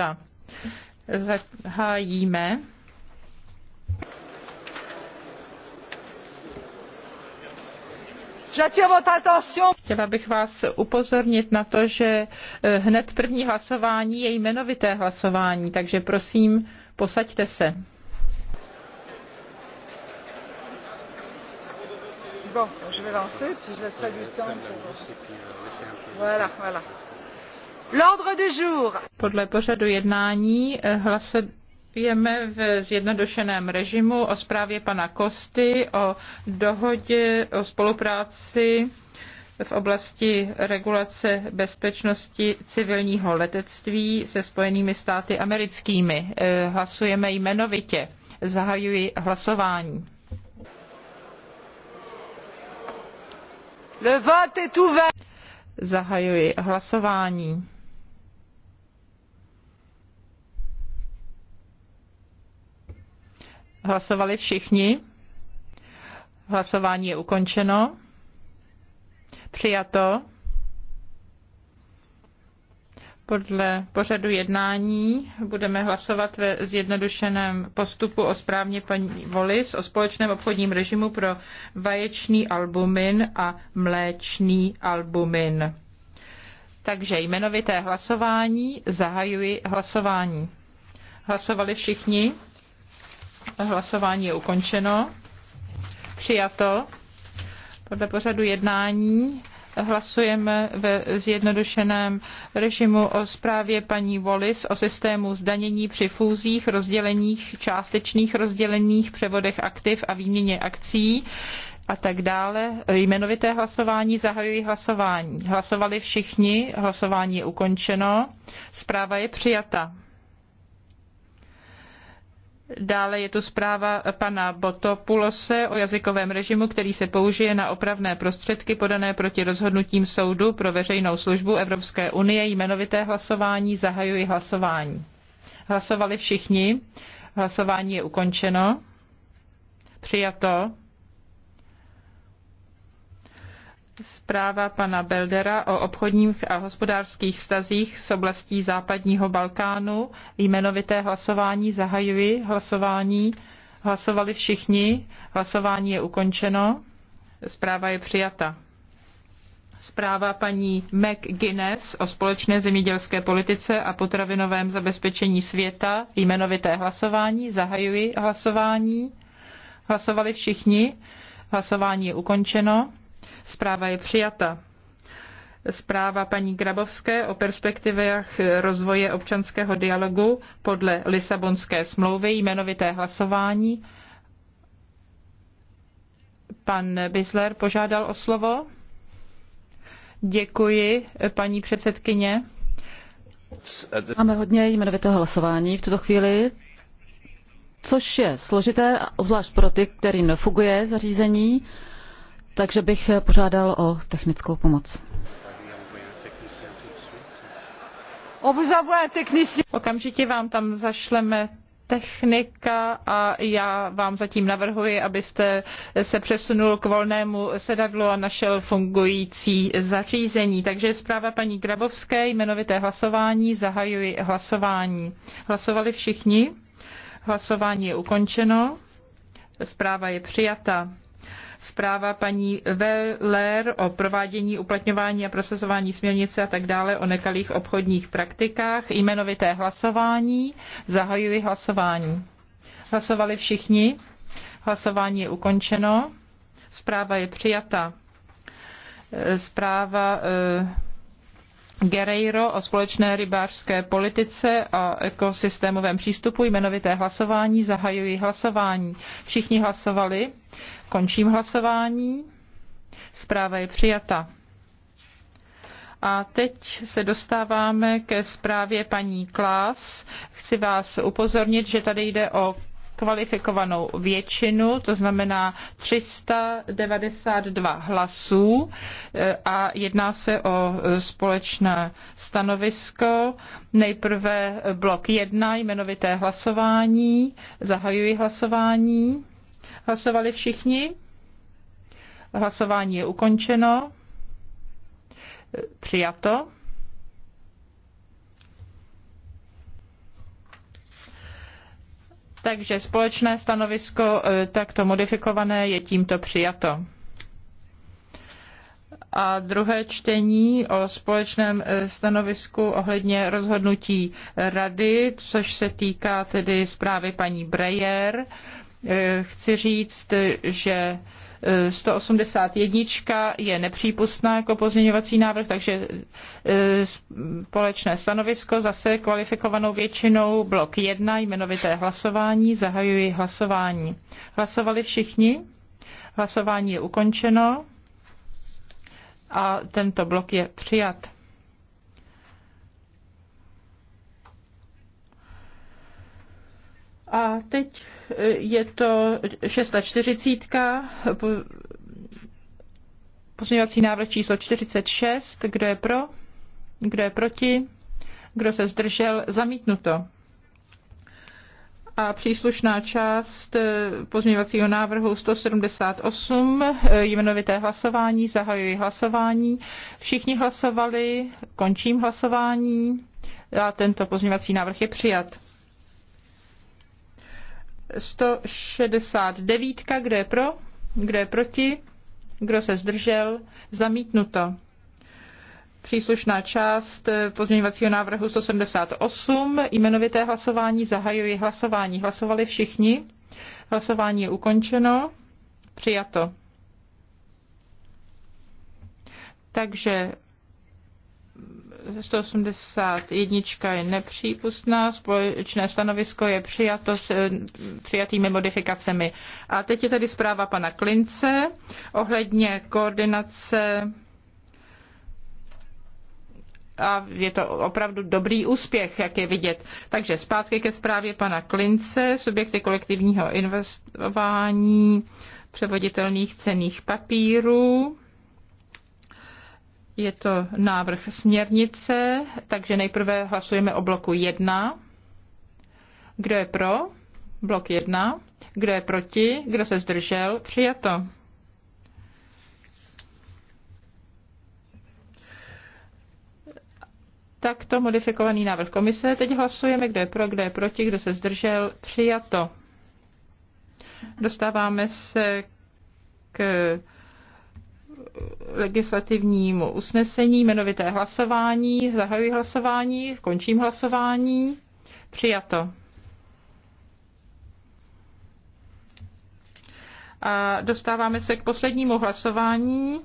místa. Zahájíme. Chtěla bych vás upozornit na to, že eh, hned první hlasování je jmenovité hlasování, takže prosím, posaďte se. Bon, je vais lancer, puis je laisserai du temps Voilà, voilà. L'ordre du jour. Podle pořadu jednání eh, hlasujeme v zjednodušeném režimu o zprávě pana Kosty, o dohodě o spolupráci v oblasti regulace bezpečnosti civilního letectví se Spojenými státy americkými. Eh, hlasujeme jmenovitě. Zahajuji hlasování. Le vote est ouvert. Zahajuji hlasování. Hlasovali všichni? Hlasování je ukončeno. Přijato. Podle pořadu jednání budeme hlasovat ve zjednodušeném postupu o správně paní Volis o společném obchodním režimu pro vaječný albumin a mléčný albumin. Takže jmenovité hlasování zahajuji hlasování. Hlasovali všichni? Hlasování je ukončeno. Přijato. Podle pořadu jednání hlasujeme ve zjednodušeném režimu o zprávě paní Wallis o systému zdanění při fúzích, rozděleních, částečných rozděleních, převodech aktiv a výměně akcí a tak dále. Jmenovité hlasování zahajují hlasování. Hlasovali všichni, hlasování je ukončeno, zpráva je přijata. Dále je tu zpráva pana Botopulose o jazykovém režimu, který se použije na opravné prostředky podané proti rozhodnutím soudu pro veřejnou službu Evropské unie. Jmenovité hlasování zahajuji hlasování. Hlasovali všichni. Hlasování je ukončeno. Přijato. Zpráva pana Beldera o obchodních a hospodářských vztazích s oblastí západního Balkánu. Jmenovité hlasování zahajuji. Hlasování hlasovali všichni. Hlasování je ukončeno. Zpráva je přijata zpráva paní Guinness o společné zemědělské politice a potravinovém zabezpečení světa, jmenovité hlasování, zahajuji hlasování. Hlasovali všichni, hlasování je ukončeno. Zpráva je přijata. Zpráva paní Grabovské o perspektivách rozvoje občanského dialogu podle Lisabonské smlouvy, jmenovité hlasování. Pan Bisler požádal o slovo. Děkuji, paní předsedkyně. Máme hodně jmenovitého hlasování v tuto chvíli, což je složité, obzvlášť pro ty, kterým funguje zařízení takže bych eh, požádal o technickou pomoc. Okamžitě vám tam zašleme technika a já vám zatím navrhuji, abyste se přesunul k volnému sedadlu a našel fungující zařízení. Takže zpráva paní Grabovské, jmenovité hlasování, zahajuji hlasování. Hlasovali všichni? Hlasování je ukončeno. Zpráva je přijata zpráva paní Veller o provádění, uplatňování a procesování směrnice a tak dále o nekalých obchodních praktikách, jmenovité hlasování. Zahajuji hlasování. Hlasovali všichni. Hlasování je ukončeno. Zpráva je přijata. Zpráva eh, Guerreiro o společné rybářské politice a ekosystémovém přístupu jmenovité hlasování. Zahajuji hlasování. Všichni hlasovali. Končím hlasování. Zpráva je přijata. A teď se dostáváme ke zprávě paní Klás. Chci vás upozornit, že tady jde o kvalifikovanou většinu, to znamená 392 hlasů eh, a jedná se o společné stanovisko. Nejprve blok 1, jmenovité hlasování. Zahajuji hlasování. Hlasovali všichni? Hlasování je ukončeno. Eh, přijato. Takže společné stanovisko e, takto modifikované je tímto přijato. A druhé čtení o společném e, stanovisku ohledně rozhodnutí rady, což se týká tedy zprávy paní Breyer. E, chci říct, že 181 je nepřípustná jako pozměňovací návrh, takže e, společné stanovisko zase kvalifikovanou většinou blok 1 jmenovité hlasování. Zahajuji hlasování. Hlasovali všichni? Hlasování je ukončeno a tento blok je přijat. A teď e, je to 640. Pozměňovací návrh číslo 46. Kdo je pro? Kdo je proti? Kdo se zdržel? Zamítnuto. A příslušná část e, pozměňovacího návrhu 178, e, jmenovité hlasování, zahajuji hlasování. Všichni hlasovali, končím hlasování a tento pozměňovací návrh je přijat. 169, kdo je pro, kdo je proti, kdo se zdržel, zamítnuto. Příslušná část eh, pozměňovacího návrhu 178, jmenovité hlasování, zahajuji hlasování. Hlasovali všichni, hlasování je ukončeno, přijato. Takže 181 je nepřípustná, společné stanovisko je přijato s eh, přijatými modifikacemi. A teď je tady zpráva pana Klince ohledně koordinace a je to opravdu dobrý úspěch, jak je vidět. Takže zpátky ke zprávě pana Klince, subjekty kolektivního investování, převoditelných cených papírů. Je to návrh směrnice, takže nejprve hlasujeme o bloku 1. Kdo je pro? Blok 1. Kdo je proti? Kdo se zdržel? Přijato. Takto modifikovaný návrh komise. Teď hlasujeme, kdo je pro, kdo je proti, kdo se zdržel. Přijato. Dostáváme se k legislativnímu usnesení, jmenovité hlasování. Zahajuji hlasování, končím hlasování. Přijato. A dostáváme se k poslednímu hlasování.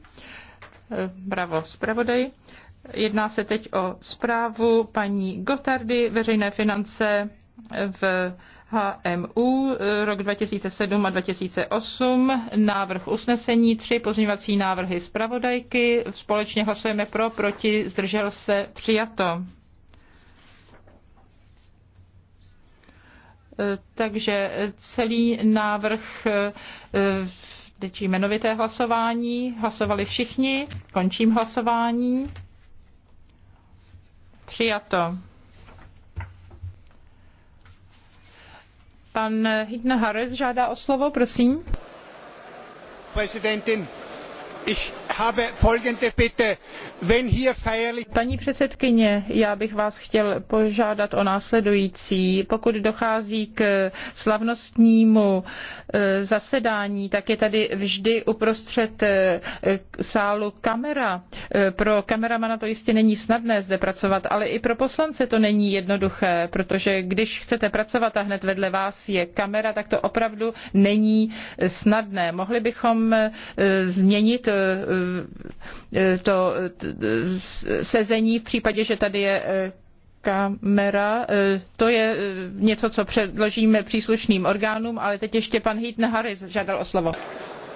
Bravo, zpravodaj. Jedná se teď o zprávu paní Gotardy, veřejné finance v HMU rok 2007 a 2008, návrh usnesení, tři pozměňovací návrhy zpravodajky, společně hlasujeme pro, proti, zdržel se, přijato. E, takže celý návrh e, teď jmenovité hlasování. Hlasovali všichni. Končím hlasování. Přijato. Pan Hidna Harris žádá o slovo, prosím. Prezidentin, ich Paní předsedkyně, já bych vás chtěl požádat o následující. Pokud dochází k slavnostnímu eh, zasedání, tak je tady vždy uprostřed eh, sálu kamera. Eh, pro kameramana to jistě není snadné zde pracovat, ale i pro poslance to není jednoduché, protože když chcete pracovat a hned vedle vás je kamera, tak to opravdu není snadné. Mohli bychom změnit to sezení v případě, že tady je e, kamera. E, to je e, něco, co předložíme příslušným orgánům, ale teď ještě pan Heaton Harris žádal o slovo.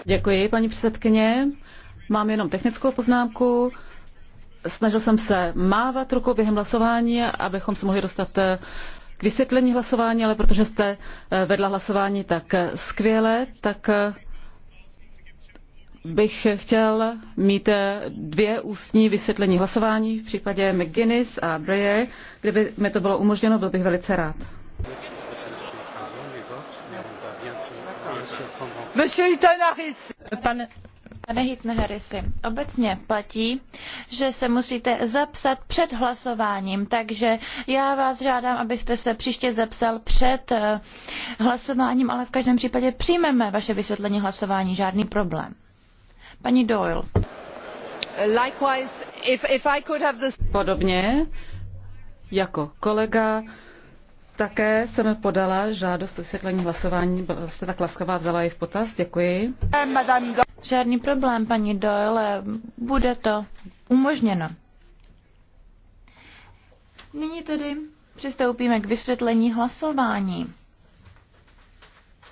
Děkuji, paní předsedkyně. Mám jenom technickou poznámku. Snažil jsem se mávat rukou během hlasování, abychom se mohli dostat k vysvětlení hlasování, ale protože jste vedla hlasování tak skvěle, tak bych chtěl mít eh, dvě ústní vysvětlení hlasování v případě McGuinness a Breyer. Kdyby mi to bylo umožněno, byl bych velice rád. Pane, pane Hitne Harrisy, obecně platí, že se musíte zapsat před hlasováním, takže já vás žádám, abyste se příště zapsal před eh, hlasováním, ale v každém případě přijmeme vaše vysvětlení hlasování, žádný problém. Paní Doyle. Podobně jako kolega také jsem podala žádost o vysvětlení hlasování. Jste tak laskavá, vzala ji v potaz. Děkuji. Žádný problém, paní Doyle. Bude to umožněno. Nyní tedy přistoupíme k vysvětlení hlasování.